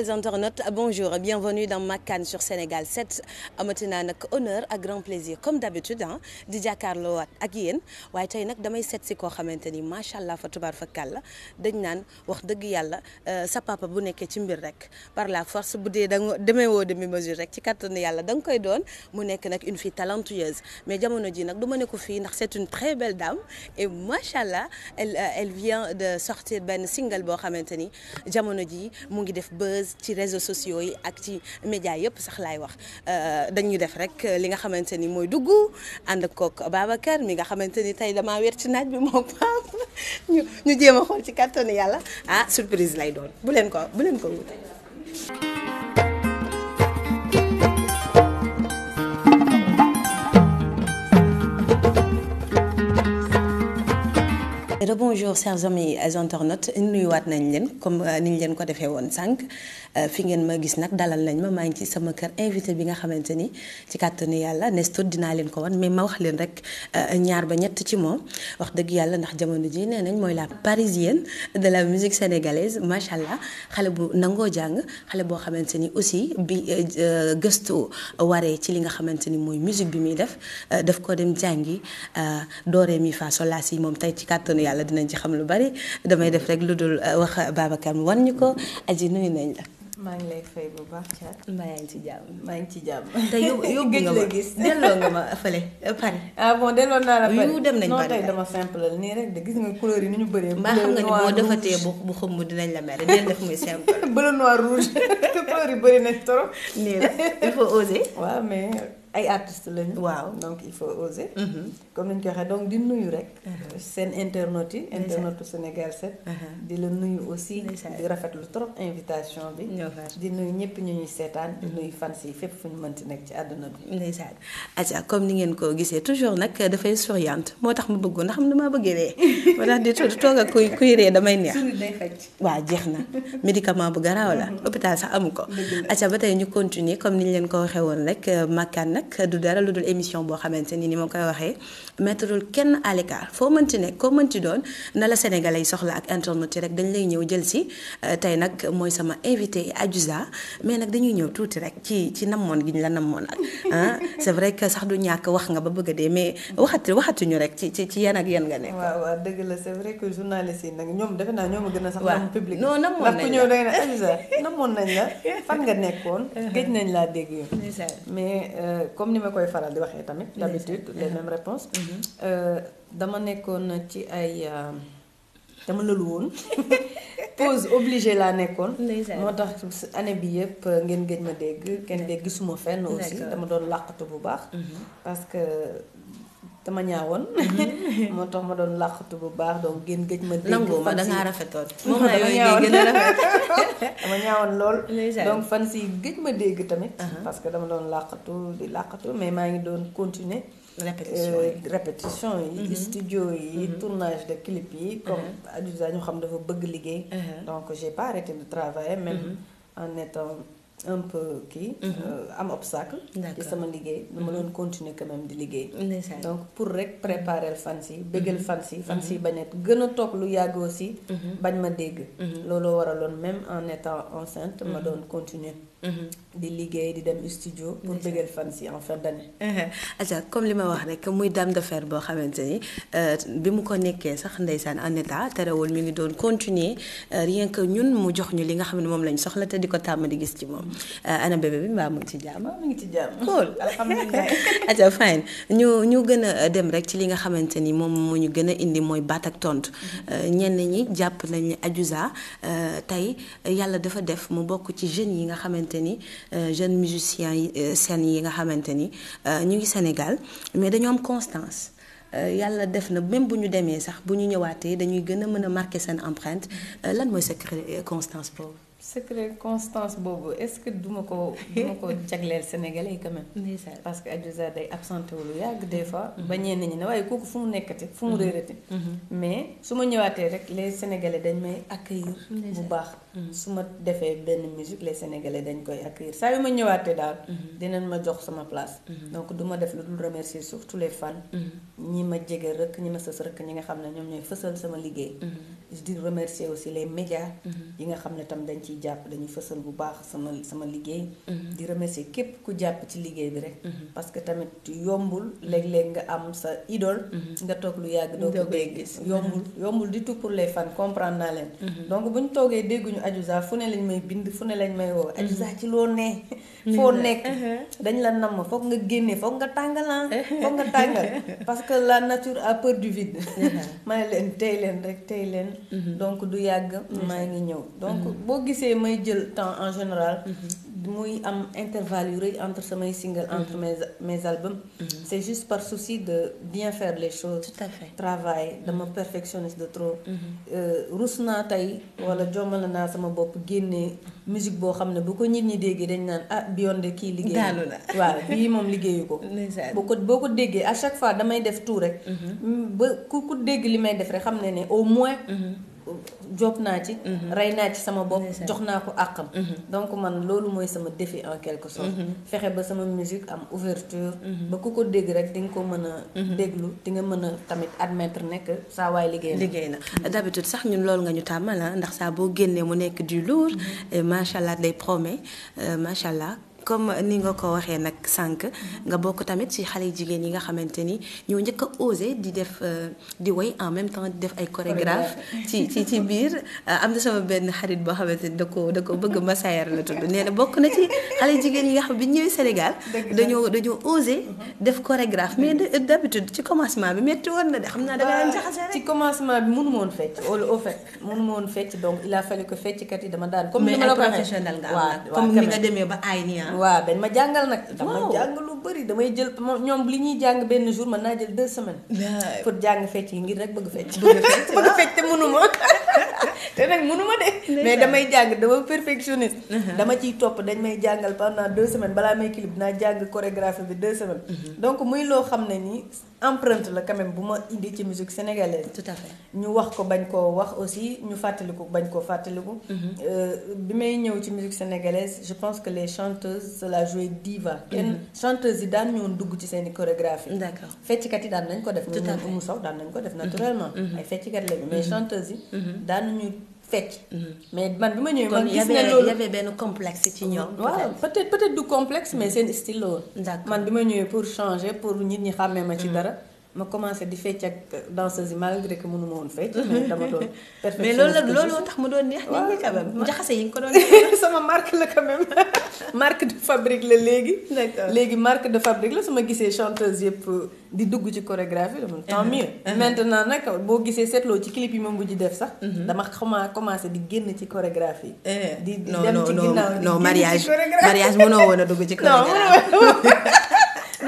fidèles internautes bonjour bienvenue dans Makane sur Sénégal 7 amati naa nag honneur a grand plaisir comme d'habitude ah di jàkkaarloo waat ak yéen waaye tey nag damay seet si koo xamante ni macha allah fa tubaar fa kàlla dañ naan wax dëgg yàlla euh, sa papa bu nekkee ci mbir rek par la force bu dee da nga demeewoo demi mesure rek ci kattanu yàlla da nga koy doon mu nekk nag une fille talentueuse mais jamono ji nag du ma ne ko fii ndax c'est une très belle dame et macha allah elle euh, elle vient de sortir benn single boo ci réseaux sociaux yi ak ci média yëpp sax laay wax euh, dañuy def rek li nga xamante ni mooy dugg ànd kook Babacar mi nga xamante ni tey damaa wér ci naaj bi moo paam ñu ñu xool ci kàttanu yàlla ah surprise lay doon bu leen ko bu leen ko wute rebonjour chers amis euh, internautes nuyuwaat nañ leen comme euh, niñ leen ko defee woon sànq Euh, fi ngeen ma gis nag dalal nañ ma maa ngi ci sama kër invité bi nga xamante ni ci kàttanu yàlla Nestor dinaa leen ko wan mais ma wax leen rek euh, ñaar ba ñett ci moom wax dëgg yàlla ndax jamono ji nee nañ mooy la parisienne de la musique sénégalaise macha allah xale bu nangoo jàng xale boo xamante ni aussi bi euh, gëstu waree ci li nga xamante ni mooy musique bi muy def daf ko dem jàngi dooree mi fa solaas yi moom tey ci kàttanu yàlla dinañ ci xam lu bari damay def rek lu dul wax Babacar mi wan ñu ko aji nuyu nañ la maa ngi lay fay bu baax Thiat. maa ngi ci jàmm maa ngi ci jàmm. te yóbbu yóbbu nga ma gis delloo nga ma fële euh, Paris. ah bon delloo naa la Paris yu dem nañ Paris tey dama simple la nii rek de gis nga couleur yi nu ñu bëree. mbaa xam nga ni boo defatee bu bu xëm mu dinañ la mere dinañ def muy simple. bleu noir rouge te couleur yi bëri nañ trop. nii la il faut oser. waaw mais. ay artistes lañu. waaw donc il faut oser. Mm-hmm. comme ni ñu ko waxee donc di nuyu rek. Mm-hmm. seen internautes yi. internautes Sénégal 7. Mm-hmm. di la nuyu aussi. di rafetlu trop invitation bi. di nuyu ñëpp ñu ñuy seetaan. di nuyu fans yi fépp fu ñu mënti nekk ci àdduna bi. ndeysaan Adja comme ni ngeen ko gisee toujours nag dafay souriante moo tax ma bëggoon ndax man damaa bëggee ree moo tax di toog ak kuy kuy ree damay neex. waaw jeex na médicament bu garaaw la. hôpital sax amu ko. Adja ba tey ñu continuer comme ni ñu leen ko waxee woon rek euh, makkaan nag dara lu dul émission boo xamante ni ni ma koy waxee mettrul kenn à l'écart foo mënti nekk koo mënti doon na la sénégalais yi soxla ak internet yi rek dañ lay ñëw jël si euh, tey nag mooy sama invité Adiouza mais nag dañuy ñëw tuuti rek ci ci namoon gi ñu la namoon ak ah vrai que sax du ñàkk wax nga ba bëgg dee mais waxati waxatuñu rek ci ci ci yan ak yan nga nekk. waaw dëgg la c'est que journaliste yi nag ñoom defe naa ñoom a gën a sax. waaw public noo namoon nañ la ndax na la fan nga nekkoon. Uh-huh. gëj nañ laa déggee yoon. mais euh, comme ni ma koy faral di waxee tamit d'habitude les mêmes réponses mm-hmm. Euh, dama nekkoon na ci ay euh, dama lëlu woon pause obliger laa nekkoon. moo tax année bi yëpp euh, ngeen gëj ma dégg kenn dégg gisuma fenn aussi dama doon làqatu bu baax. Mhm. parce que dama ñaawoon. Mhm. moo tax ma doon làqatu bu baax donc ngeen gëj ma. déggoo ma da ngaa rafetoon. moom la yooyu lool. donc fan si gëj ma dégg tamit. Uh-huh. parce que dama doon làqatu di làqatu mais maa ngi doon continuer. répétition yi euh, répétition mm-hmm. studio yi mm-hmm. tournage de clip yi. comme mm-hmm. Adiouza ñu xam dafa bëgg liggéey. donc j'ai pas arrêté de travailler même en étant un peu kii. Euh, am obstacle. ci sama liggéey. dama doon continuer quand même di liggéey. donc pour rek préparer fans yi bëggal fans yi. fans yi bañ a gën a toog lu yàgg aussi. bañ ma dégg. looloo waraloon même en étant enceinte ma doon continuer. Mm-hmm. di liggéey di dem studio. pour bëggal fan si en fin d'année. Mm-hmm. atia comme li ma wax rek muy dame de fer boo xamante ni euh, bi mu ko nekkee sax ndeysaan en état terewul mi ngi doon continuer euh, rien que ñun mu jox ñu li nga xam ne moom lañ soxla te di ko tàmm di gis ci moom euh, ana bébé mu ngi ci jàmm. mu ngi ci ñu gën a dem rek ci li nga xamante ni moom mu ñu gën a indi mooy baat ak tontu mm-hmm. ñenn ñi jàpp nañu Adiouza tey yàlla dafa def mu bokk ci jeunes yi nga xamante te ni euh, jeunes musiciens yi euh, seen yi nga xamante ni euh, ñu ngi Sénégal mais dañoo am constance yàlla def na même bu ñu demee sax bu ñu ñëwaatee dañuy gën a mën a marquer seen empreinte lan mooy secret constance boobu. secret constance boobu est-ce que duma ko duma ko jagleel sénégalais yi quand même parce que Adiouza day absenté wu lu yàgg des fois mm-hmm. ba ñenn ñi ne waaye kooku fu mu nekkati fu mu mm-hmm. réerati mm-hmm. mais su ma ñëwaatee rek les sénégalais dañ may accueillir bu baax su ma defee benn musique les sénégalais dañ koy accueillir saa yu ma ñëwaatee daal dinañ ma jox sama place donc duma def lu dul remercier surtout les fan ñi ma jege rëkk ñi ma sës rëkk ñi nga xam ne ñoom ñooy fësal sama liggéey di remercier aussi les médias mhm. yi nga xam ne tam dañ ciy jàpp dañuy fësal bu baax sama sama liggéey mhm. di remercier képp ku jàpp ci liggéey bi rek mhm. parce que tamit yombul léeg-léeg nga am sa idole nga toog lu yàgg doo ko dégg yombul yombul di tout pour les fan comprendre naa leen donc bu ñu toogee dégguñu Adiouza fu ne lañ may bind fu ne lañ may woo Adiouza ci loo nee foo nekk dañ la namm foog nga génne foog nga tàngalan ah. foog nga tàngal parce que la nature a peur du vide ma leen tey leen rek tey leen mhm. donc du yàgg maa ngi ñëw donc mhm. boo gisee may jël temps en général mhm. muy am intervalle yu rëy entre samay single mhm. entre mes mes albums mhm. c'est juste par souci de bien fair les choses tout à fait travail mhm. dama perfectionniste de trop euh, rus naa tey wala jomal naa sama bopp génnee musique boo xam ne bu ko nit ñi déggee dañ naan ah Beyond de kii liggéey daanu la waaw bii moom liggéeyu ko boo ko boo ko déggee à chaque fois damay def tout rek ba ku ku dégg li may def rek xam ne ne au moins jóob naa ci mhm. rey naa ci sama bopp jox naa ko àqam mhm. donc man loolu mooy sama défi en quelque sorte mhm. fexe ba sama musique am ouverture ba ku ko dégg rek di nga ko mën a déglu di nga mën a tamit admettre nekk saa waay liggéey liggéey na d'habitude sax ñun loolu nga ñu tàmmal ah, ndax saa boo génnee mu nekk du lourd et machallah day promet euh, machallah comme ni nga ko waxee nag sànq nga bokk tamit ci xale yi jigéen yi nga xamante ni ñoo njëkk a osé di def euh, di woy en même temps di def ay chorégraphe ci ci ci biir euh, am na sama benn xarit boo xamante ni da ko da ko bëgg Massaer la tudd nee bokk na ci jigéen yi nga xam ñëwee Sénégal dañoo dañoo osé mhm. def chorégraphe mais d'habitude ci commencement bi metti woon na de xam naa da nga rek ci commencement bi mënu ma woon fecc au fait mënu fecc donc il a ko que fecckat yi dama daan comme ni nga demee ba aay nii ah. waaw dañ ma jàngal nag. dama jàngalu bëri damay jël ñoom li ñuy jàng benn jour mën naa jël deux semaines. pour jàng fecc yi ngir rek bëgg fecc. bëgg fecc te mënu ma te nag mënu ma de. mais damay jàng dama perfectionniste. Uh-huh. dama ciy topp dañ may jàngal pendant deux semaines balaa may clip dinaa jàng chorégraphie bi deux semaines. Uh-huh. donc muy loo xam ne nii empreinte la quand bu ma indi ci musique sénégalaise. tout à fait ñu wax ko bañ koo wax aussi ñu fàttaliku bañ koo fàttaliku. Uh-huh. Euh, bi may ñëw ci musique sénégalaise je pense que les chanteuses cela jouait diva. kenn chanteuses yi daan ñoon dugg ci seen i chorégraphie. d'accord fecckat yi daan nañ ko def. tout à fait mu saw daan nañ ko def mhm. naturellement. Mhm. ay fecckat lañu mais mhm. chanteuses yi. daan nañu fecc. mais man bi ma ñëwee. man gis ne loolu y benn complexe ci ñoom. waaw peut-être peut du complexe mais seen style la woon. man bi ma ñëwee pour changer pour nit ñi xàmmee ma ci dara. ma commencé di fecc ak danseuse yi malgré que mënuma woon fecc dama doon mais loolu tax mu doon neex nit ñi jaxase yi nga ko doon sama marque la quand même marque de fabrique la léegi léegi marque de fabrique la su ma gisee chanteuse yëpp di dugg ci chorégraphie dama tant uh-huh. mieux uh-huh. maintenant nag boo gisee seetloo ci clip yi ma mujj def sax uh-huh. dama xamaa commencé di génn ci chorégraphie eh, di dem ci ginnaaw non mariage mariage mënoo woon a dugg ci chorégraphie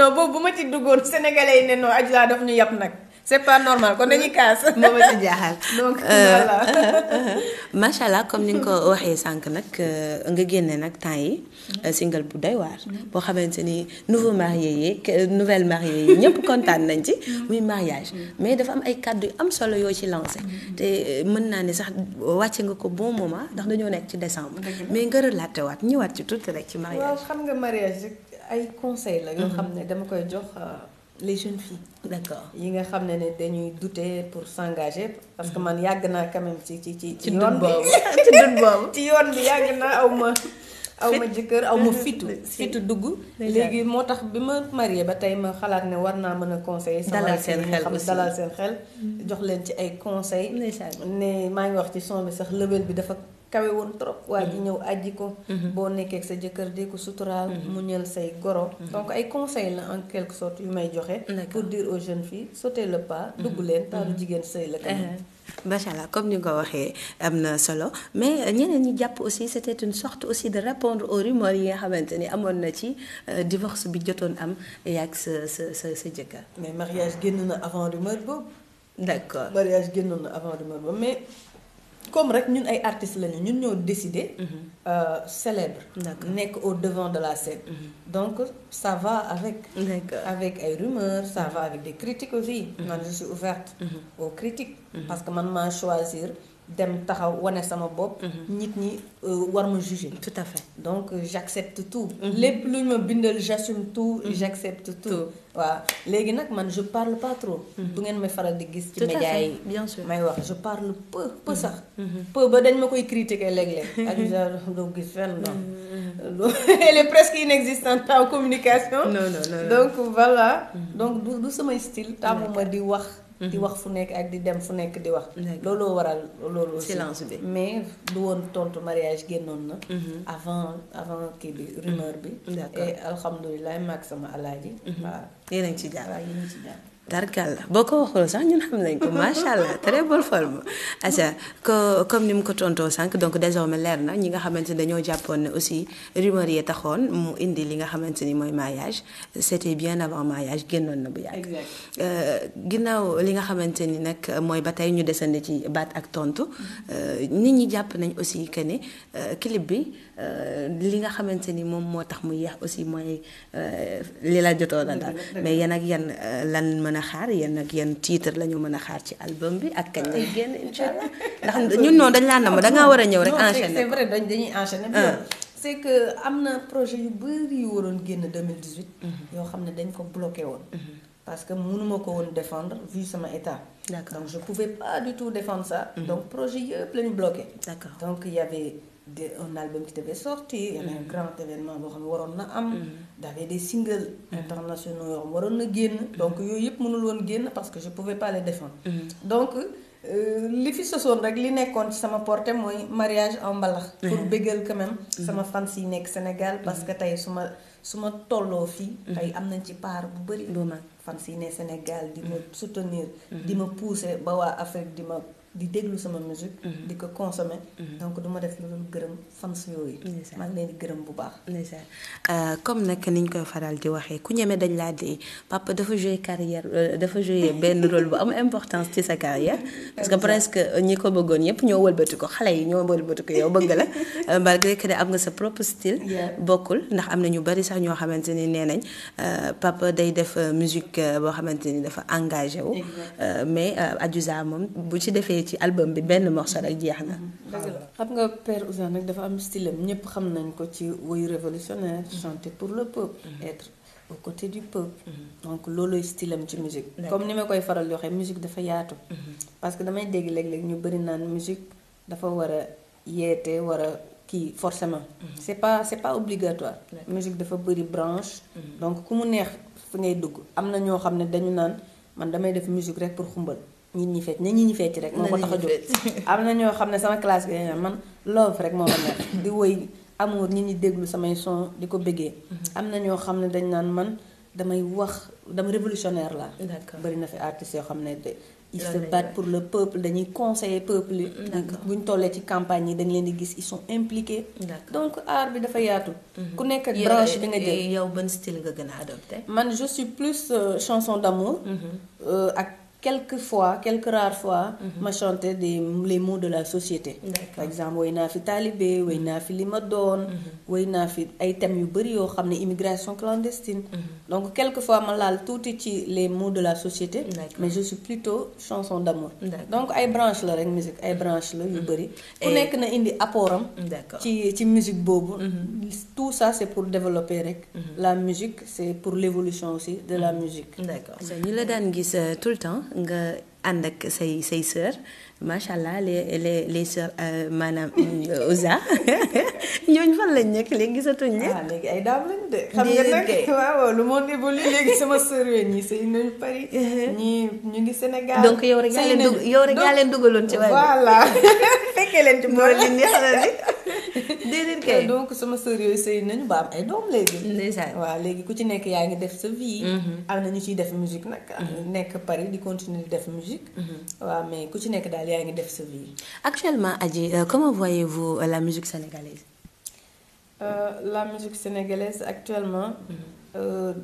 non boobu bu ma ci duggoon sénégalais yi ne non Adji Sarr daf ñu yàpp nag c'est pas normal kon dañuy kaas. moo ma ci jaaxal donc euh, voilà. allah comme ni nga ko waxee sànq nag euh, nga génne nag temps yi euh, single bu doy waar. Mm-hmm. boo xamante ni nouveau marié yi nouvelle yi ñëpp kontaan nañ ci. Mm-hmm. muy mariage mm-hmm. mais dafa am ay kàddu am solo yoo ci lancé. te mën naa ne sax wàcce nga ko bon moment ndax dañoo nekk ci décembre. mais nga relaté waat ñëwaat ci tuuti rek ci mariage. waaw xam nga mariage rek. ay conseils la. yoo xam ne mhm. dama koy jox euh, les jeunes filles. yi nga xam ne ne dañuy douter pour s'engager. parce que mhm. man yàgg naa quand même ci ci ci. ci dund ci dund boobu yoon bi yàgg naa aw ma. aw ma jëkkër aw ma mhm. fitu dugg léegi moo tax bi ma marié ba tey ma xalaat ne war naa mën a conseiller dalal seen xel dalal seen xel jox leen ci ay conseil ne maa ngi wax ci son bi sax lëbël bi dafa kawe woon trop mhm. waa ji ñëw aji ko mhm. boo nekkee ak sa jëkkër di ko suturaal mhm. mu ñël say goro donc ay conseil la en quelque sorte yu may joxe pour dire aux jeune filles sauter le pas dugg leen taaru jigéen sëy la kanam macha allah comme ni nga ko waxee am na solo mais euh, ñeneen ñi jàpp aussi c' était une sorte aussi de répondre aux rumeurs yi nga xamante ni amoon na ci euh, divorce bi jotoon am yaag sa sa sa sa jëkkër mais mariage génn na avant rumeur boobu d' accord mariage génnoon na avant rumeur boobu comme rek ñun ay artistes lañu ñun ñoo décidé. Mhm. Euh, célèbre. nekk au devant de la scène. Mhm. donc ça va avec. avec ay rumeurs ça va avec des critiques aussi. Mhm. man je suis ouverte aux critiques. parce que man maa choisir. dem taxaw wane sama bopp. Mhm. nit ñi euh, war ma juger. tout à fait donc euh, j'accepte tout. Mhm. lépp lu ñu ma bindal j'assume tout. Mhm. j'accepte tout waaw léegi nag man je parle pas trop. ngeen may faral di gis. ci médias yi may wax je parle peu peu sax. peu ba dañ ma koy critiquer léeg-léeg. ak genre doo gis fenn non. elle est presque inexistante en communication. non non non donc voilà. donc du du samay style taamu ma di wax. di mhm. wax fu nekk ak di dem fu nekk di wax. looloo waral loolu silence bi mais du woon tontu mariage génnoon na. Mhm. avant avant kii bi rumeur bi. d' accord maak alhamdulilah maag sama alaaji. Mhm. waaw yéen a ci jàpp waaw yéen ci jàpp. dargal la boo ko waxul sax ñun xam nañ ko macha allah très bonne forme aca comme ni mu ko tontoo sànq donc des désormais leer na ñi nga xamante ni dañoo jàppoon ne aussi rumeur yi taxoon mu indi li nga xamante ni mooy mariage c'était bien avant mariage génnoon na bu yàgg euh, ginnaaw li nga xamante ni nag mooy ba tey ñu desandi ci baat ak tontu mm-hmm. euh, nit ñi jàpp nañ aussi que ni euh, clip bi Euh, li nga xamante ni moom moo tax mu yeex aussi mooy euh, li la jotoo a daal mais yan ak yan euh, lan mën a xaar yan ak yan titre la ñu mën a xaar ci album bi ak kañ lay génn incha allah ndax ñun noonu dañ laa nam dangaa war a ñëw rek enchaîner c'est vrai dañuy enchaîner ah. c'est que am na projet yu bëri yu waroon génn 2018 mm-hmm. yoo xam ne dañ ko bloqué woon mm-hmm. parce que mënuma ko woon défendre vu sama état donc je pouvais pas mm-hmm. projet yëpp la ñu bloqué de on album qui devait sortir il y avait un mm. grand événement boo xam waroon na am dafay mm. des singles mm. internationaux yoo xam waroon na génn donc yooyu yëpp mënul woon génn parce que je pouvais pas les défendre donc euh, li fi sosoon rek li nekkoon ci sama porte mooy mariage en mbalax pour bëggal quand sama fans yi nekk Sénégal parce que tey su ma su ma tolloo fii tey am nañ ci part bu bëri fans yi ne Sénégal di ma soutenir di ma pousser ba waa Afrique di ma di déglu sama musique mhm. di ko consommer mhm. donc du ma def lu dul gërëm fans yooyu maa ngi gërëm bu baax euh, comme nag ni ñu koy faral di waxee ku ñeme dañ laa di papa dafa jouer carrière euh, dafa jouer benn role bu am importance ci sa carrière parce que presque euh, ñi ko bëggoon yépp ñoo wëlbati ko xale yi ñoo wëlbati ko yow bëgg la malgré que ne am nga sa propre style bokkul ndax am na ñu bari sax ñoo xamante ni nee nañ papa day def musique boo xamante ni dafa engagé wu génnee ci album bi benn morceau rek jeex na. xam nga Père Ouzin nag dafa am style am ñëpp xam nañ ko ci woyu révolutionnaire chanter pour le peuple. Mhm. être au côté du peuple. Mhm. donc loolooy style am ci musique. comme ni ma koy faral di waxee dafa yaatu. Mhm. parce que damay dégg léeg-léeg ñu bëri naan musique dafa war a yeete war a kii forcément. c'est pas c'est pas obligatoire. musique dafa bëri branche. donc ku mu neex fi ngay dugg am na ñoo xam ne dañu naan man damay def musique rek pour xumbal. ñit ñi fecc ñi ñi fecc rek moo ko tax a jóg am na ñoo xam ne sama classe bi dañu man love rek moo ma neex di woy amour ñi ñi déglu samay son di ko bëggee mhm. am na ñoo xam ne dañ naan man damay wax dama révolutionnaire la bari na fi artistes yoo xam ne de ils se pour le peuple dañuy conseiller peuple yi mhm. buñ tollee ci campagne yi dañ leen di gis ils sont impliqués donc art bi dafa yaatu mhm. ku nekk ak branche bi nga eh, jël yow ban style nga gën a man je plus euh, chanson d'amour euh, ak quelque fois quelques rares fois mhm. ma chanté des les mots de la société par exemple woy naa fi taalibe woy mhm. naa fi li ma doon mhm. woy naa fi ay thèmes yu bëri yoo xam ne immigration clandestine donc quelque fois ma laal tuuti ci les mots de la société mais je suis plutôt chanson d'amour donc ay branche la rek musique ay branche la yu bëri ku nekk na indi apport am ci ci musique boobu tout ça c'est pour développer rek la musique c'est pour l'évolution aussi d la musique d'accord ñi la daan gis euh, tout le temps nga ànd ak say say sœur macha allah les les les sœurs maanaam Ouza ñooñu fan lañ nekk léegi gisatuñ ne. waaw léegi ay daam lañ de. xam nga nag waaw lu monde évolue léegi sama sœur yi ñii sëy nañu Paris. ñii ñu ngi Sénégal. donc yow rek yaa leen dugg yow rek leen duggaloon ci. waaye voilà fekkee leen ci mboolem yi neex na déedéet kay donc sama sœur yooyu sëy nañu ba am ay doom léegi. ndeysaan waaw léegi ku ci nekk yaa ngi def sa vie. Mm-hmm. am na ñu ciy def musique nag. Mm-hmm. nekk Paris di continuer di def musique. Mm-hmm. waa mais ku ci nekk daal yaa ngi def sa vie. actuellement Adji euh, comment voyez-vous euh, la musique sénégalaise. Euh, la musique sénégalaise actuellement.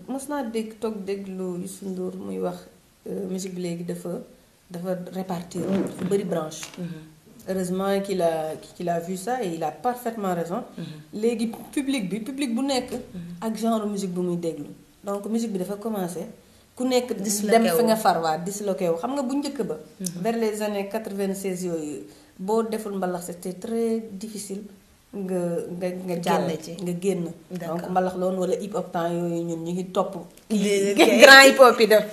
mos naa dégg toog déglu Youssou Ndour muy wax musique bi léegi dafa dafa répartir dafa bëri branche. heureusement qu'il a qu'il a vu ça et il parfaitement raison. Mhm. léegi public bi public bu nekk. Mhm. ak genre musique bu muy déglu. donc musique bi dafa commencé. ku nekk dem fi nga far waa disloqué wu xam nga bu njëkk ba. Mhm. vers les années quatre-vingt-seize yooyu boo deful mbalax c'était très difficile. nga nga nga jàll ci nga génn. donc mbalax loon wala hip hop temps yooyu ñun ñu ngi topp. grand hip hop yi def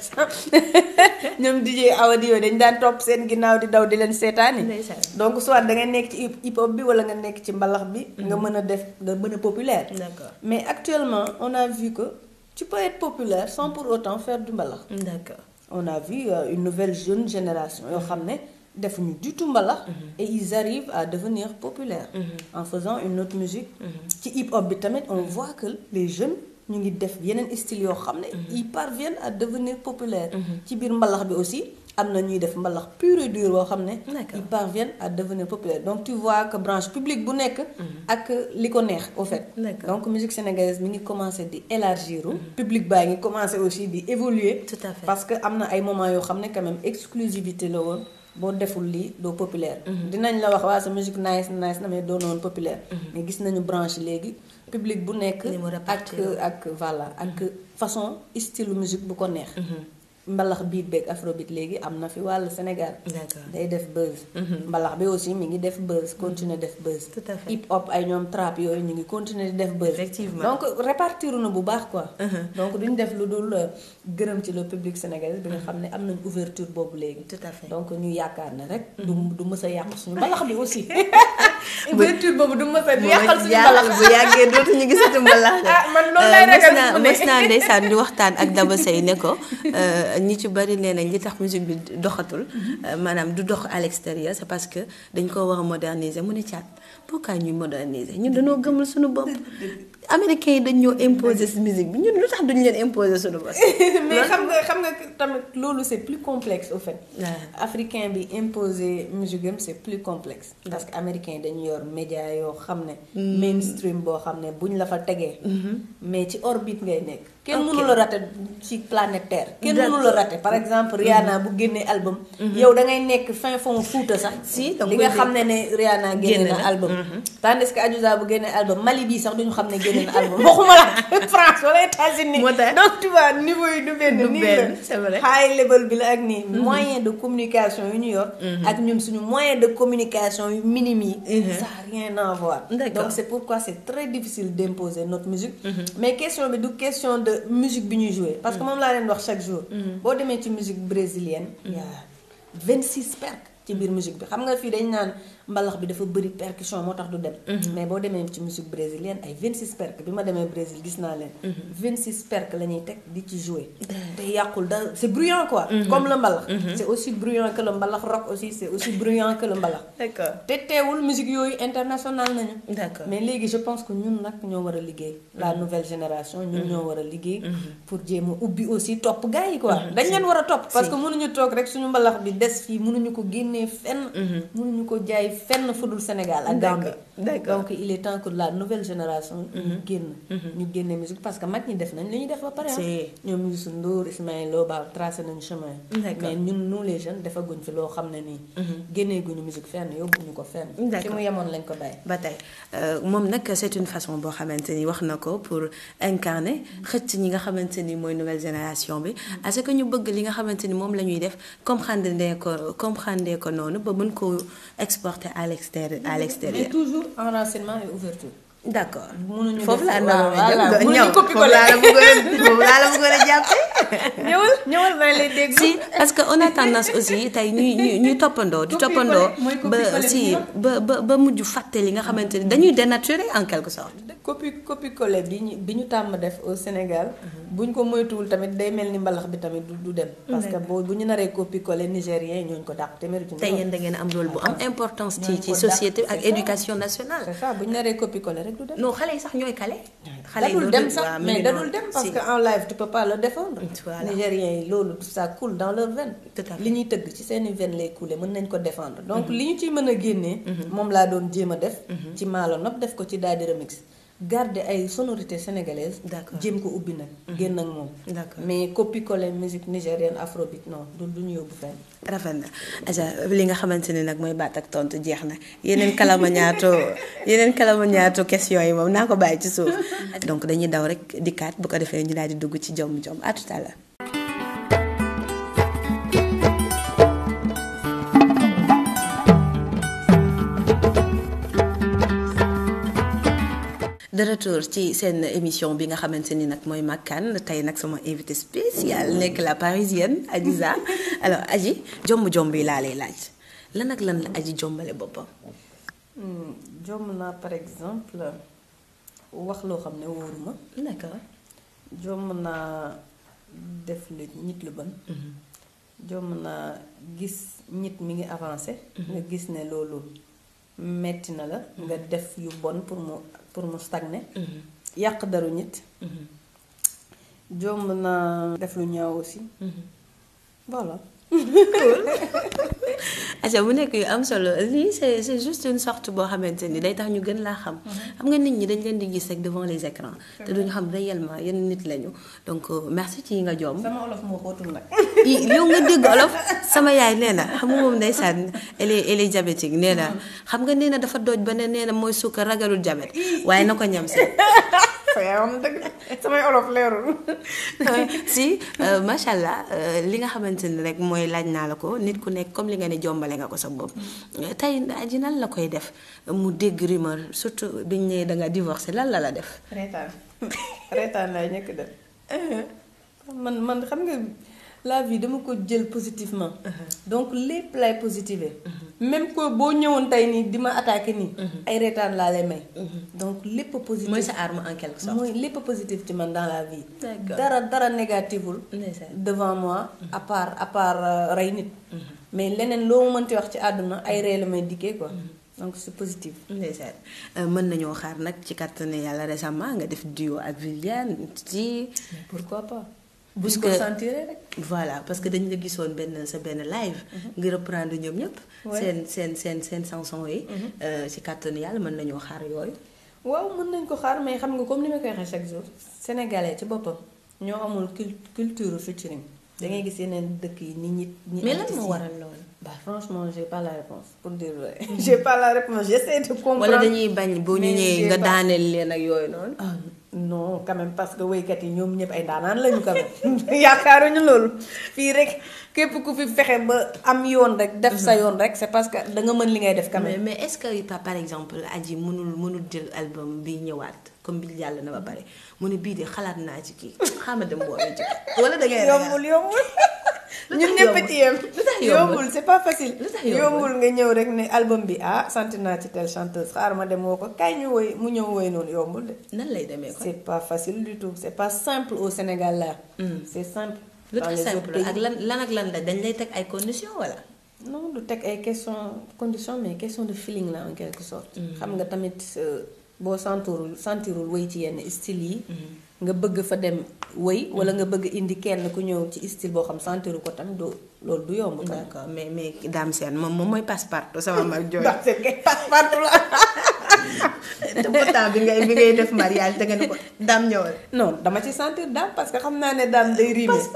ñoom DJ Awadi yooyu dañ daan topp seen ginnaaw di daw di leen seetaan seetaani. donc soit da nga nekk ci hip hop bi wala nga nekk ci mbalax bi. Mhm. nga mën a def nga mën a populaire. d'accord mais actuellement on a vu que tu peux être populaire sans pour autant faire du mbalax. d'accord on a vu euh, une nouvelle jeune génération yoo xam ne. defuñu du tout mbalax mhm. et ils arrivent à devenir populaires mhm. en faisant une autre musique mhm. ci hip hop bi tamit on voit que les jeunes ñu ngi def yeneen style yoo xam ne ils parviennent à devenir populaires ci biir mbalax bi aussi am na ñuy def mbalax pur et dur xam ne ils parviennent à devenir populaires donc tu vois que branche publique bu nekk ak li ko neex au fait donc musique sénégalaise mi ngi commencé di élargir public baa ngi commencé aussi di évoluer tout parce que am na ay moments yoo xam ne quand même exclusivité la woon boo deful lii doo populaire. Mhm. dinañ la wax waa sa musique nice nice na mais doo noonu populaire. Mhm. mais gis nañu branche léegi public bu nekk. ak ak valla ak mhm. façon style musique bu ko neex. mbalax biit beeg afrobeat léegi am na fi wàllu Sénégal. day def buzz. Mhm. mbalax bi aussi mi ngi def buzz continuer def buzz. tout à fait hip hop ay ñoom trap yooyu ñu ngi continuer di def buzz. effectivement donc répartir na bu baax quoi. Mhm. donc duñ def lu dul euh, gërëm ci le public sénégalais bi nga xam ne am nañ ouverture boobu léegi. tout à fait donc ñu yaakaar ne rek. Mhm. du du mës a yàq suñu mbalax bi aussi. ouverture boobu du mës a yàqal suñu mbalax bu yàggee dootuñu gisati mbalax. ah man loolu euh, lay ragal mës naa ndeysaan di waxtaan ak Daba Sey ne ko. Euh, ñi ci bari nee nañ li tax musique bi doxatul. Mhm. Euh, maanaam du dox à l'extérieur c'est parce que dañ ko war a moderniser mu ne caat pourquoi ñuy moderniser ñun dañoo gëmul suñu bopp. américains yi dañ ñoo imposer si musique bi ñun lu tax duñ leen imposer suñu bopp. mais xam nga xam nga tamit loolu c' plus complexe au africain bi imposer musique am c' est plus parce que américain yi dañu yor média yoo xam ne. Mm. mainstream boo xam ne buñ la fa tegee. Mm-hmm. mais ci orbite ngay nekk. kenn mënu la raté ci planète Terre. kenn mënu par mm-hmm. exemple Rihanna mm-hmm. bu génnee album. yow da ngay nekk fin fond Fuuta sax. si li xam ne ne Rihanna génne na album. tandis que Adiouza bu génnee album génn album waxuma la France wala États-Unis moo tax niveau yi du benn du benn c'est vrai bi la ak nii mhm. moyen de communication yu ñu yor mhm. ak ñun suñu moyen de communication yu minime yi mhm. ça a rien à voir donc c'est pourquoi c'est très difficile d'imposer notre musique mais question bi du question de musique bi ñuy jouer parce que moom laa leen wax chaque jour boo demee ci musique brésilienne il y a vingt six perc ci biir musique bi xam nga fii dañ naan mbalax bi dafa bëri percussion moo tax du dem mhm. mais boo demee ci musique brésilienne ay 26 perc bi ma demee Brésil gis naa leen 26 mhm. perc la ñuy teg di ci jouer mhm. te yàqul da c'est bruyant quoi comme le mbalax c'est aussi bruyant que rock aussi c'est aussi bruyant que te teewul musique yooyu internationale nañu d'accord mais léegi je pense que ñun nag ñoo war a liggéey la nouvelle génération ñun ñoo war a liggéey pour jéem ubbi aussi topp gars yi fenn fudul Sénégal ak Gambie donc il est temps que la nouvelle génération mhm. ñu génn mhm. ñu génne musique parce que mag ñi def nañ li ñu def ba pare ah. ñoom Youssou Ndour Ismaël Lô Ba tracé nañu chemin mais loo xam ne nii mhm. génneeguñu musique fenn yóbbuñu ko fenn fi mu yemoon lañ ko bàyyi ba tey euh, moom nag c'est une façon boo xamante ni wax na ko pour incarner xëcc ñi nga xamante ni mooy nouvelle génération bi à que ñu bëgg li nga xamante ni moom la ñuy def comprendre ko comprendre ko noonu ba mën koo exporter à l'extérieur. à l'extérieur. mais toujours en renseignement et ouverture. d' accord mënuñu foofu laa naroon a jàpp ñëw a jàppee. ñëwal ñëwal ma lay dégg. que on a tendance tey ñuy ñuy toppandoo. di toppandoo ba si ba ba ba mujj fàtte nga xamante ni dañuy dénaturer en quelque sorte. copie copie bi ñu bi ñu tàmm def au Sénégal. buñ ko moytuwul tamit day mel ni mbalax bi tamit du dem. parce que boo bu ñu naree copie collé nigérien ñooñu ko dàq téeméeri. tey yéen da ngeen am rôle bu am importance. ci ci société ak éducation nationale. c'est ça bu ñu naree copie collé rek du xale yi sax ñooy kale. xale yi dadul dem sax mais dadul dem parce que en live tu peux pas le défendre. yi loolu ça coule dans leur veine. li ñuy tëgg ci seen i veine lay couler mën nañ ko défendre donc mm-hmm. li ñu ciy mën a génnee. Mm-hmm. moom laa doon jéem a def. Mm-hmm. ci maalo nopp def ko ci daal di garder ay sonorités sénégalaises. d'accord jéem ko ubbi nag. Mhm. génn ak moom. mais copier-coller musique nigérienne afrobeat non du du ñu yóbbu fenn. rafet na Adja li nga xamante ne nag mooy baat ak tontu jeex na yeneen kalama ñaatu yeneen kalama ñaatu question yi moom naa ko bàyyi ci suuf. donc dañuy daw rek dikkaat bu ko defee ñu daal di dugg ci jom jom à tout à de retour ci seen émission bi nga xamante ni nag mooy makkaan tey nag sama invité spécial nekk la parisienne Adiza alors Aji jomb jomb yi laa lay laaj lan ak lan la Aji jombale boppam. Hmm, jomb naa par exemple wax loo xam ne wóoruma. d'accord. jomb naa def lu nit lu bon. Mhm. jomb naa gis nit mi ngi avancé. Mhm. nga gis ne loolu metti na la. Mhm. nga def yu bon pour mu. pour mu stagner. Mhm. yàq daru nit. Mhm. jomb na def lu ñaaw aussi. Mhm. voilà. aca mu nekk yu am solo lii c'est c'est juste une sorte boo xamante ni day tax ñu gën laa xam xam nga nit ñi dañ leen di gis rek devant les écrans te duñu xam réellement yenn nit lañu donc euh, merci ci nga joom sama olof moo xóotul nag yow nga dégg olof sama yaay nee na xam nga moom ndeysaan elle est elle est nee na mm-hmm. xam nga nee na dafa dooj ba ne nee na mooy suukar ragalul diabète waaye na ko ñam si sa yaram dëgg samay olof leerul. si euh, macha allah euh, li nga xamante ni rek mooy laaj naa la ko nit ku nekk comme li nga ne jombale nga ko sa bopp. Euh, tey ji nan la koy def mu dégg rumeur surtout biñ ne da nga divorcé lan la la def. reetaan reetaan laa ñëkk def uh-huh. man man xam nga la vie dama ko jël positivement. Uh-huh. donc lépp lay positiver. Uh-huh. même que boo ñëwoon tey nii di ma attaqué nii. Mhm. ay reetaan laa lay may. Mhm. donc lépp positif mooy sa arme en quelque sorte. mooy lépp positif ci man dans la vie. dara dara négatiful. devant mois mhm. à part à part euh, rey nit. mais leneen loo mënti wax ci àdduna ay ree la may dikkee quoi. donc c'est positif. ndeysaan euh, mën nañoo xaar nag ci kàttanu yàlla récemment nga def duo ak Viviane ci. pourquoi pas. buñ ko sentir rek. voilà parce que dañ la gisoon benn sa benn live. Mhm. ngir reprendre ñoom ñëpp. seen seen seen seen chanson yi. Mhm. Euh, ci kàttanu yàlla mën nañoo xaar yooyu. waaw mën nañ ko xaar mais xam nga comme ni ma koy waxee chaque jour. sénégalais ci boppam ñoo amul culture featuring da ngay gis yeneen dëkk yi ni ñi. ñi mais lan moo waral loolu. bah franchement j'ai pas la réponse dañuy bañ boo ñu ñëwee nga daaneel leen ak yooyu noonu. Ah, non quand parce que woykat yi ñoom ñëpp ay ndaanaan lañu quand même yaakaaruñu loolu fii rek képp ku fi fexe ba am yoon rek def sa mhm. yoon rek c'est parce que da nga mën li ngay def quand mais est-ce que par exemple Adji mënul mënul jël album bi ñëwaat comme bi yàlla na ba pare mu ne bii de xalaat naa ci kii xaama dem boole ci wala da yombul yombul ñun ñëpp ci yem yombul c'est pas facile yombul nga ñëw rek ne album bi ah sant naa ci tele chanteuse xaar ma dem woo ko kay ñu woy mu ñëw woy noonu yombul de nan lay demee ko c'est pas facile du tout c'est pas simple au Sénégal là hmm. c'est simple lu tax simple ak lan lan ak lan la dañ lay teg ay condition wala non lu teg ay question condition mais question de feeling la en quelque sorte hmm. xam nga tamit euh, boo sentirul sentirul woy ci yenn nga bëgg fa dem wëy wala mm. nga bëgg indi kenn ku ñëw ci style boo xam santiru ko tam doo loolu du yomb. d'accord mais mais Dame Sène moom moom mooy passe-partout sama mag jooy. passe-partout la. te pourtant bi ngay bi ngay def mariage da nga ne ko dama ci sentir daam parce que xam naa ne daam day riime passe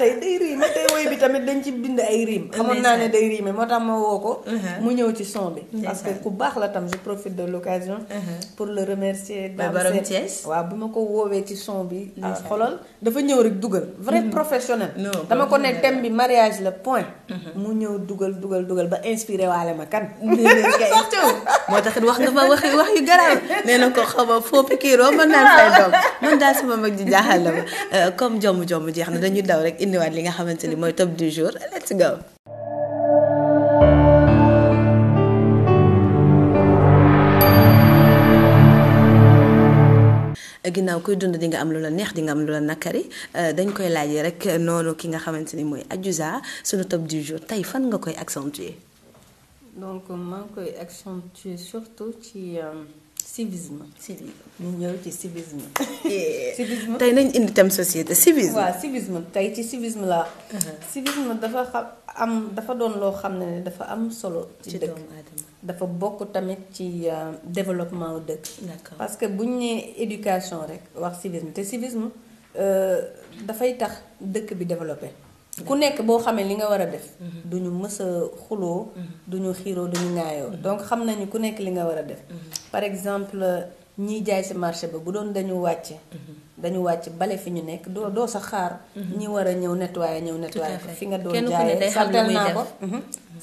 tey day riime tey woy bi tamit dañ ci bind ay riim. xamoon naa ne day riime moo tax ma woo ko. Uh-huh. mu ñëw ci son bi. parce ku baax la tam je de l'occasion uh-huh. pour le remercier. Dame Borom Thiès waaw bu ma ko woowee ci son bi. Ah, li xolal dafa ñëw rek dugal. vrai mm-hmm. professionnel. dama ko ne thème bi mariage la point. Mm-hmm. mu ñëw dugal dugal dugal ba inspiré waale ma kan. moo tax wax nga ma waxee wax yu garaaw nee ko xaw ma foo mën naan say doom man daal sama mag ji jaaxal la ma euh, comme jomb jeex na dañuy daw rek indiwaat li nga xamante ni mooy top du jour let's kuy dund di nga am lu neex di nga am lu euh, dañ koy laajee rek noonu ki nga xamante ni mooy Adiouza sunu top du jour tey fan nga koy accentuer donc maa koy accentuer surtout ci euh, civisme. civisme ñu ñëw ci civisme. Eh. civisme tey nañ indi thème société civisme. waaw civisme tey ci civisme laa. Uh-huh. civisme dafa xam am dafa doon loo xam ne dafa am solo. ci dëkk dafa bokk tamit ci euh, développement wu dëkk. parce que bu ñu nee éducation rek wax civisme te civisme euh, dafay tax dëkk bi développé. ku nekk boo xamee li nga war a def. Mhm. du ñu mës a xuloo. Mhm. du ñu xiiroo du ñu mhm. donc xam nañu ku nekk li nga war a def. par exemple ñiy jaay ci marché ba bu doon dañu wàcce dañu wàcc bale fi ñu nekk doo doo sa xaar. ñi war a ñëw nettoyer ñëw nettoyer ko fi nga doon jaayee saltel naa ko.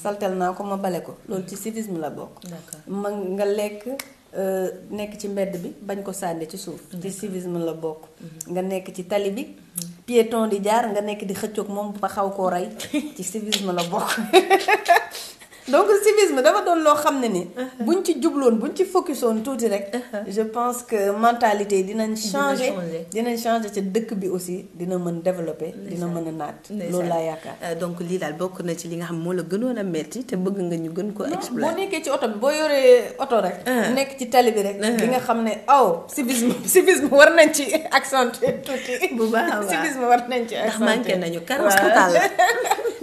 saltel naa ko ma bale ko loolu ci civisme la bokk. ma nga lekk. Euh, nekk ci mbedd bi bañ ko sànni ci suuf. ci civisme la bokk. nga nekk ci tali bi piéton di jaar nga nekk di xëccoog moom ba xaw koo rey ci civisme la bokk donc civisme dafa doon loo xam ne ni. Uh-huh. buñ ci jubloon buñ ci focusoon tuuti rek. Uh-huh. je pense que mentalité dinañ changer dinañ changer ca dëkk bi aussi dina mën développer dina mën a naat. loolu laa yaakaar. Euh, donc lii daal bokk na ci li nga xam moo la gënoon a metti te bëgg nga ñu gën ko exploiter. boo ci oto bi boo yoree oto rek. Uh-huh. nekk ci tali bi rek. li nga xam ne aw oh, civisme civisme war nañ ci accentuer tuuti. bu baax a baax civisme war nañ ci accentuer ndax manqué nañu carence totale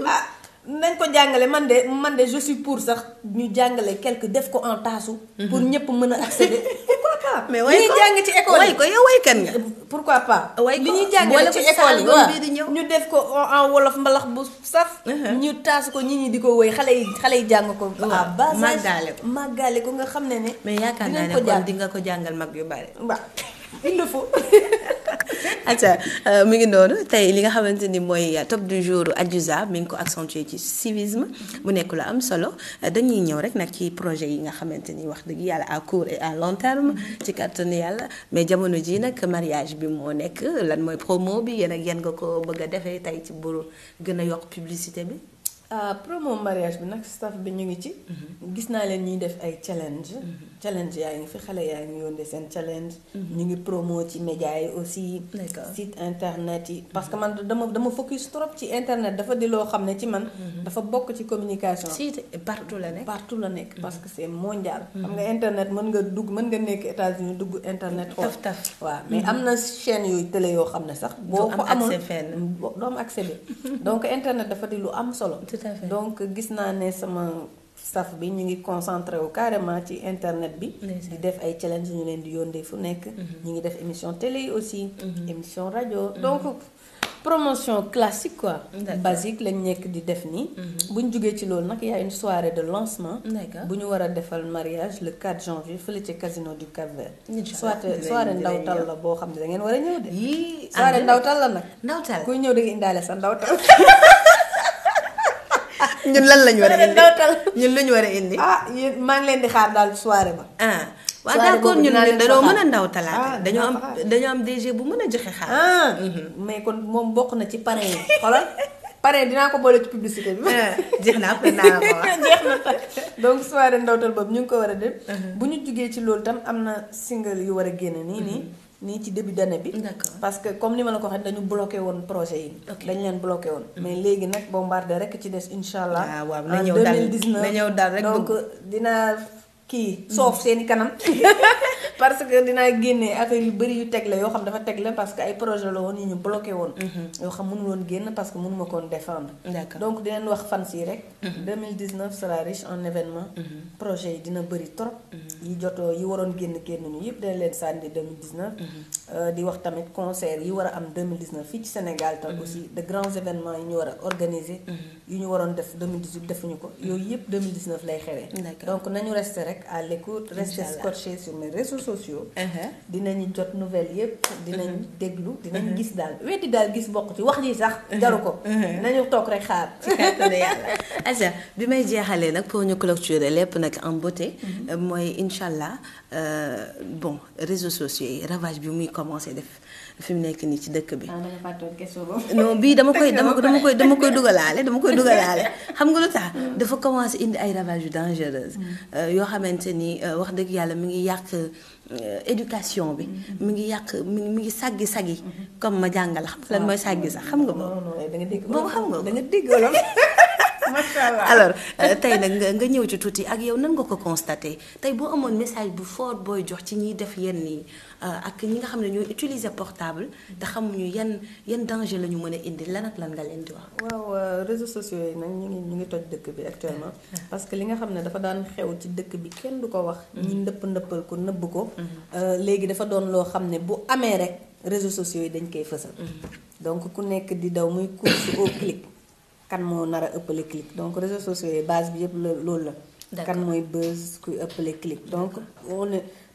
la. Ah, nañ ko jàngale man de man de je pour sax ñu jàngale quelque def ko en taasu. Mhm. pour ñëpp mën a accéder. pourquoi pas mais way ko li ci école yi ko yow waykan nga. pourquoi pas. way ko li ñuy jàngale ci école yi waaw ñu def ko en wolof mbalax bu saf. Mhm. ñu taasu ko ñi ñi di ko woy xale yi xale yi jàng ko. waaw màggaale ko màggaale ko nga xam ne ne. mais yaakaar naa ne kon di nga ko jàngal mag yu bare. waaw. il le acca euh, mi ngi noonu tey li nga xamante ni mooy top du jour Adiouza mi ngi ko accentuer ci civisme mu nekk lu am solo dañuy ñëw rek nag ci projet yi nga xamante ni wax dëgg yàlla à court et à long terme ci kàttanu yàlla mais jamono ji nag mariage bi moo nekk lan mooy promo bi yéen ak yéen nga ko bëgg a defee tey ci bu gën a yokk publicité bi. ah promo mariage bi nag staff bi ñu ngi ci. Mhm. gis naa leen ñuy def ay challenge. Mhm. challenge yaa ngi fi xale yaa ngi yónnee seen challenge. Mhm. ñu ngi promo ci média yi aussi. site internet yi. parce que mhm. man dama dama focus trop ci internet dafa di loo xam ne ci man. Mhm. dafa bokk ci communication. site partout la nekk partout nekk. parce que c'est mondial. xam internet mën nga dugg mën nga nekk États-Unis dugg internet. taf taf mais am na chaîne yooyu télé yoo xam ne sax. boo ko amul doo am accès bi donc internet dafa di lu am solo. donc gis naa ne sama. staff bi ñu ngi concentré wu carrément ci internet bi. di def ay challenge ñu leen di yónnee fu nekk. Mhm. ñu ngi def émission télé yi aussi. Mhm. émission rajo mhm. donc. promotion classique quoi. basique lañ nekk di def nii. bu ñu jugee ci loolu nag y a une soirée de lancement. bu ñu war a defal mariage le 4 janvier fële ci casino du Cap Vert. Euh, soirée soirée ndawtal la boo xam ne da ngeen war a ñëw de. yii soirée ndawtal la nag. ndawtal kuy ñëw da indaale sa ndawtal. ñun lan lañu war a indi ñun lu ñu war a indi. ah yéen maa ngi leen di xaar daal soirée ba. Ah, waaw d'accord ñun ñun dañoo mën a ndaw talaata ah, dañoo am dañoo am bu mën a joxe xaar. Ah, mhm. mais kon moom bokk na ci parrain yi xoolal parrain dinaa ko boole ci publicité bi. jeex na après naa ko wax jeex na donc soirée ndawtal boobu ñu ngi ko war a dem mhm. bu ñu jugee ci loolu tam am na single yu war a génn nii nii. Mhm. nii ci début d'année bi. parce que comme ni ma la ko waxee dañu bloqué woon projet yi. dañ leen bloqué woon. Mm-hmm. mais léegi nag bombardé rek ci des incha allah. Ah, waaw waaw na ñëw daal na ñëw daal rek donc dinaa kii soof mm-hmm. seeni kanam. parce que dinaa génne affaire yu bëri yu teg la yoo xam dafa teg la parce que ay projet la woon yu ñu bloqué woon. Mhm. yoo xam mënu woon génn parce que mënu ma koon défendre. donc dinañ wax fan si rek. 2019 mhm. sera riche en événement. Mhm. projet yi dina bëri trop. yi jotoo yi waroon génn génn ñu yëpp dina leen sànni euh, di wax tamit concert yi war a am 2019 ci Sénégal tam aussi de grands événements yi ñu war a organiser. yu ñu waroon def defuñu ko yooyu yëpp 2019 lay xewee. donc nañu rester rek à l'écoute rester réseaux sociaux. Uh-huh. dinañ jot nouvelle yëpp. dinañ uh-huh. déglu dinañ uh-huh. gis daal weddi daal gis bokk ci wax ji sax. jaru ko nañu toog rek xaar. ci kàttan yàlla. Aja bi may jeexalee nag pour ñu clôturer lépp nag en beauté. mooy incha allah euh, bon réseaux sociaux yi ravage bi muy commencé def. fi mu nekk nii ci dëkk bi. Ah, non bii dama koy dama koy dama koy dugalaale dama koy dugalaale xam nga lu tax. Mm. dafa commencé indi ay ravages yu dangereuses. Mm. Euh, yoo xamante ni euh, wax dëgg yàlla mi ngi yàq euh, éducation bi. mu mm-hmm. ngi yàq mu mi ngi saggi saggi. Mm-hmm. comme ma jàngal xam lan mooy saggi sax xam nga. non non da nga dégg xam nga da nga dégg macha allah euh, tey nag nga ñëw ci tuuti ak yow nan nga ko constaté tey boo amoon message bu foot booy jox ci ñiy def yenn yi euh, ak ñi nga xam ne ñooy utiliser portable te xamuñu yan yan danger la ñu mën indi lan ak lan nga leen di wax. waaw euh, réseaux sociaux yi nag ñu ngi ñu dëkk bi actuellement ah, ah. parce que li nga xam ne dafa daan xew ci dëkk bi kenn du ko wax. Mm-hmm. ñi ndëpp ndëppal ko nëbb ko. Mm-hmm. léegi dafa doon loo xam ne bu amee rek réseau sociaux yi dañ koy fësal. Mm-hmm. donc ku nekk di daw muy course au clic. kan moo nar a ëppale clic donc réseaux sociaux yi base bi yëpp loolu la. kan mooy buzz kuy ëppale clic donc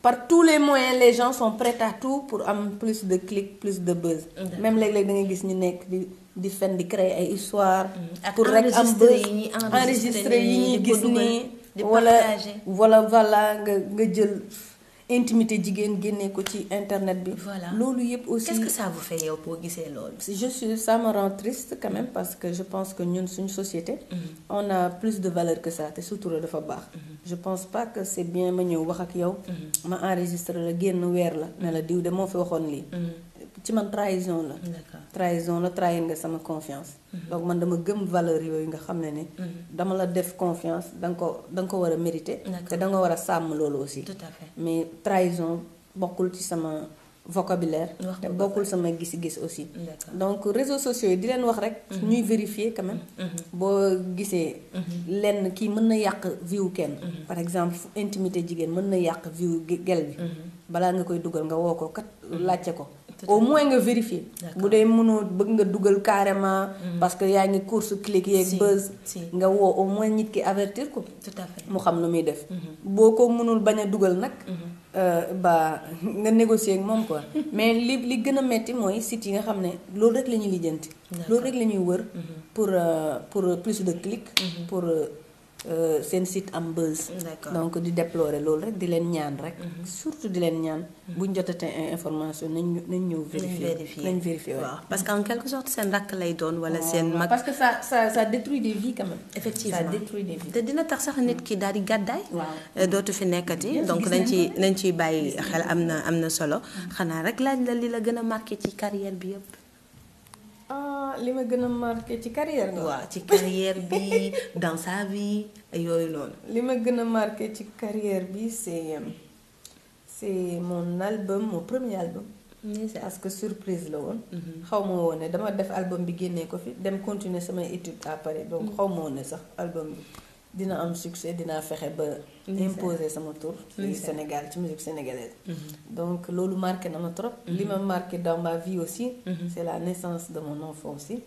par tous les moyens les gens sont prêts à tout pour am plus de clic plus de buzz. même léeg-léeg da ngay gis ñu nekk di di fen di créer ay histoire mm. pour rek am buzz enregistré yi ñuy gis nii. di wala wala nga nga jël. intimité jigéen génne ko ci internet bi. voilà loolu yëpp aussi qu'est-ce que ça vous fait yow boo gisee loolu. je suis ça me rend triste quand même parce que je pense que ñun suñu société. Mm -hmm. on a plus de valeur que ça te sutura dafa baax. Mhm. je pense pas que c'est bien ma ñëw wax ak yow. Mhm. ma enregistré la génn weer la. ne la diw de moo fi waxoon lii. Mhm. ci man trahison la. trahison la trahir nga sama confiance. Mhm. donc man dama gëm valeur yooyu nga xam ne ne. Mhm. dama la def confiance da nga ko da ko war a mérité. te da nga war a sàmm loolu aussi. tout à fait mais trahison bokkul ci sama. vocabulaire te bokkul sama gis-gis aussi donc réseaux sociaux yi di leen wax rek mhm. ñuy vérifier quand même boo gisee lenn kii mën na yàq viwu kenn par exemple intimité jigéen mën na yàq viwu gel bi balaa nga koy dugal nga woo ko kat laajte ko au moins nga vérifier bu dee mënoo bëgg nga dugal carrément. Mm-hmm. parce que yaa ngi course clic yeeg buzz. nga woo au moins nit ki avertir ko. tout mu xam lu muy def. Mm-hmm. boo ko mënul bañ a dugal nag. Mm-hmm. Euh, ba nga négocier ak moom quoi mais li li gën a metti mooy sites yi nga xam ne loolu rek la ñuy lijjanti. loolu rek la ñuy wër. pour euh, pour plus de clics. pour euh, Euh, seen site am buzz. Mm, donc di déplorer loolu rek di leen ñaan rek. Mm-hmm. surtout di leen ñaan. Mm-hmm. buñ jotatee information nañ ñu nañ ñëw. vérifier nañ vérifier waaw parce que en quelque sorte seen rakk lay doon wala seen. mag parce que ça ça ça détruit des vies quand te dina tax sax nit ki daal di gàddaay. waaw euh, dootu fi nekkati. donc nañ ci nañ ciy bàyyi xel am na am na solo. Mm-hmm. xanaa rek laaj la li la gën a marqué ci carrière bi yëpp. li ma gën a marqué ci carrière bi. waaw ci carrière bi dans bi yooyu loolu. li ma gën a marqué ci carrière bi c'est c'est mon album mon premier album. parce que surprise la woon. Mhm. xaw ma woon ne dama def album bi génnee ko fi dem continuer samay étude à Paris donc mhm. xaw ma woon ne sax album bi. dina am succès dina fexe ba. imposer sama tour ci Sénégal ci musique sénégalaise. Mhm. donc loolu marqué na ma trop. Mhm. li ma marqué dans ma vie aussi. Mhm. c' la naissance de mon enfant aussi.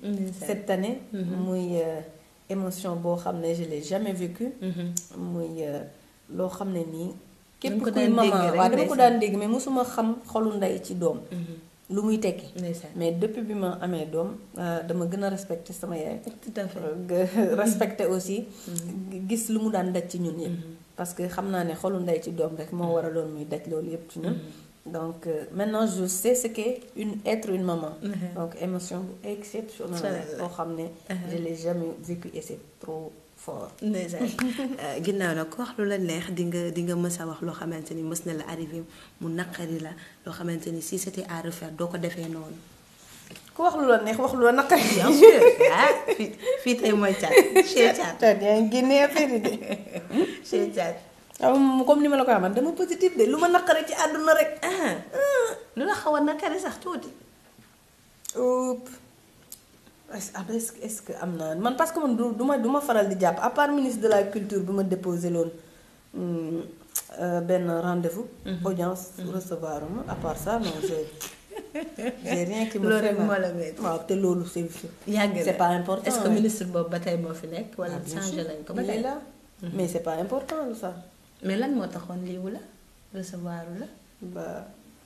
cette année. muy euh, émotion boo xam ne je l'ai jamais vécu. muy euh, loo xam ne nii. képp kuy maman waaw dama ko daan dégg mais mosuma xam xolu nday ci doom. lu muy tekki. mais depuis bi ma amee doom euh, dama gën a respecté sama yaay. tout respecté aussi. Mm-hmm. gis lu mu daan daj ci ñun yëpp. Mm-hmm. parce que xam naa ne xolu ndey ci doom rek moo war a doon muy daj loolu yëpp ci ñun. Mm-hmm. donc euh, maintenant je sais ce qu'est une être une maman. donc émotion bu exceptionnelle. koo xam ne je l'ai jamais vécu et fort. ndeysaan euh, ginnaaw nag ko wax lu la neex di nga di nga mës a wax loo xamante ni mës na la arrivé mu naqari la loo xamante ni si c'était à refaire doo ko defee noonu. ku wax lu la neex wax lu la naqari. bien sûr ah fii fii tey mooy caat chez caat. caat yaa ma la ko dama positif de lu ma naqari ci àdduna rek. Ah. Ah. lu la xawa a naqari sax tuuti. est-ce que am na man parce que man du ma du faral di jàpp à part ministre de la culture bi ma déposé loon hmm, euh, benn rendez-vous. Mhm. audience recevoir ma à part ça non j'ai waaw te loolu c'est yàgg na c'est pas important ministre boobu ba tey moo fi nekk wala ah, changé lañ ko ba mhm. mais c'est pas important ça. mais lan moo taxoon lii wu la recevoir la.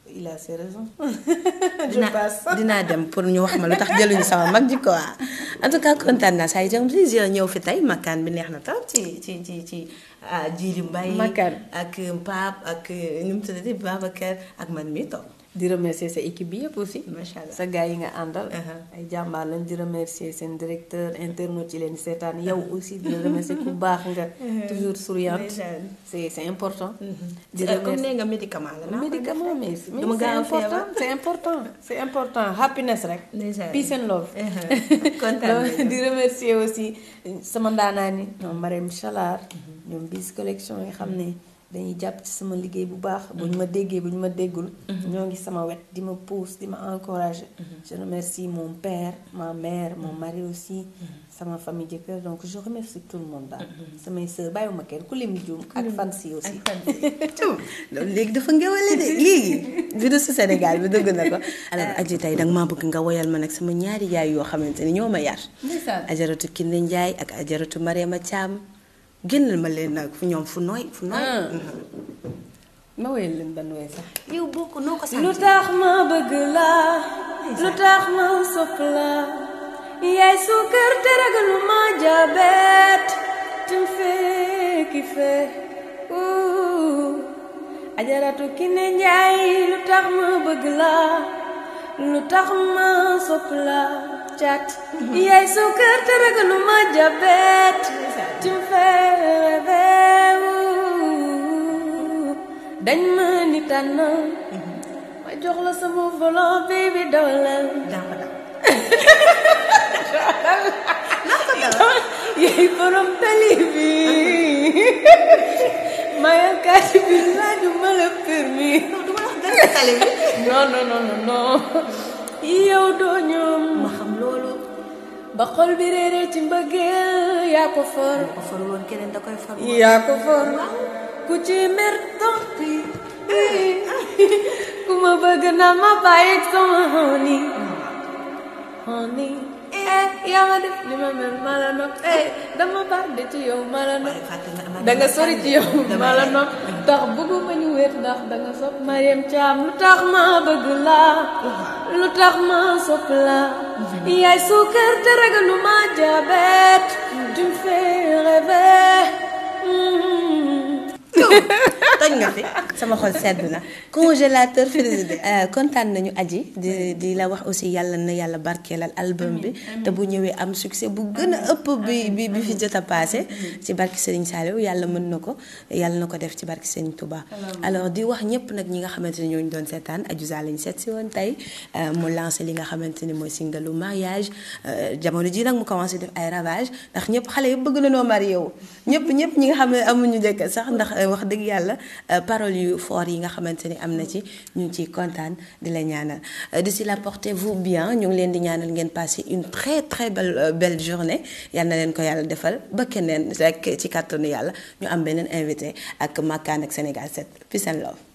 il a ses raisons. je dinaa dem pour ñu wax ma lu tax jëluñu sama mag ji quoi en tout cas kontaan naa saa yu jëm plaisir ñëw fi tey makkaan bi neex na trop ci ci ci ci Djily ah, Mbaye. makkaan ak Pape ak nu mu tuddati Babacar ak man mii toog. di remercier sa équipe bi yëpp aussi. macha allah sa gars yi nga àndal. Uh-huh. ay jàmbaar lañ di remercier seen directeur internautes yi leen seetaan yow aussi di remercier ku baax nga. Uh-huh. toujours souriante c'est c'est important. Uh-huh. di euh, remercier comme nee nga médicament la. médicament mais c'est important c'est important c'est important rek. peace and love. di remercier aussi sama ndaanaa ni ñoom Marème Chalar ñoom bis collection yi xam ne. dañuy jàpp ci sama liggéey bu baax. bu ñu ma déggee bu ñu ma déggul. Mhm. ñoo ngi sama wet di ma pousse di ma encourager. Mhm. je remercie mon père ma mère mon mhm. mari aussi. sama famille jëkkër donc je remercie tout le monde daal. samay sœur ku lim juum ak léegi dafa ngewale de léegi. biir Sénégal bi dëgg na ko. alors ah. Adji tey danga maa bëgg nga woyal ma nag sama ñaari yaay yoo xamante ni ñoo ma yar. ajaratu Kinde Ndiaye ak ajaratu Mariama Thiam. génnal ma leen nag fu ñoom fu nooy fu nooy ah. mm-hmm. lu tax ma bëgg la lu tax ma sopp la yaay suukar te ragalu lu ma bëgg la dañ ma ni tànn ma jox la sama volant baby dawalal. daa ko dawal. naa borom tali bi maa yor bi laaju la permis. non du ma la wax bi. non yow doo ñoom. ma xam loolu. ba xol bi réeré ci mbëggeel yaa ko for. ko for woon keneen da koy for. yaa ko for ku ci mer tontu ku ma bëgg na ma bàyyi sama honey honey. eh yaa eh, ma def li ma mel ma la nopp eh dama bàndi ci yow ma la nopp da nga sori ci yow ma la nopp tax bëgguma ñu wéet ndax da nga sopp Mariam Thiam lu tax ma bëgg laa lu tax ma sopp laa yaay suukar te ragalu ma jabet hmm. tu me fais nga fi sama xol sedd na congélateur félicité euh, kontaan nañu aji di di la wax aussi yàlla na yàlla barkeelal album bi te bu ñëwee am succès bu gën a ëpp bi bi bi fi jot a passé ci barki Serigne Saliou yàlla mën na ko yàlla na ko def ci barki Serigne Touba alors di wax ñëpp nag ñi nga xamante ne ñooñu doon seetaan Adiouza lañ seet si woon tey euh, mu lancé li nga xamante ni mooy singalu mariage euh, jamono ji nag mu commencé def ay ravage ndax ñëpp xale yëpp bëgg na noo marié wu ñëpp ñëpp ñi nga xam ne amuñu jëkk sax ndax wax dëgg yàlla parole yu fort yi nga xamante ni am na ci ñu ngi ciy kontaan di la ñaanal si euh, la porté vous bien ñu ngi leen di ñaanal ngeen passer une très très belle euh, belle journée yal na leen ko yàlla defal ba keneen rek ci kàttanu yàlla ñu am beneen invité ak Makkaan ak Sénégal 7 peace seen love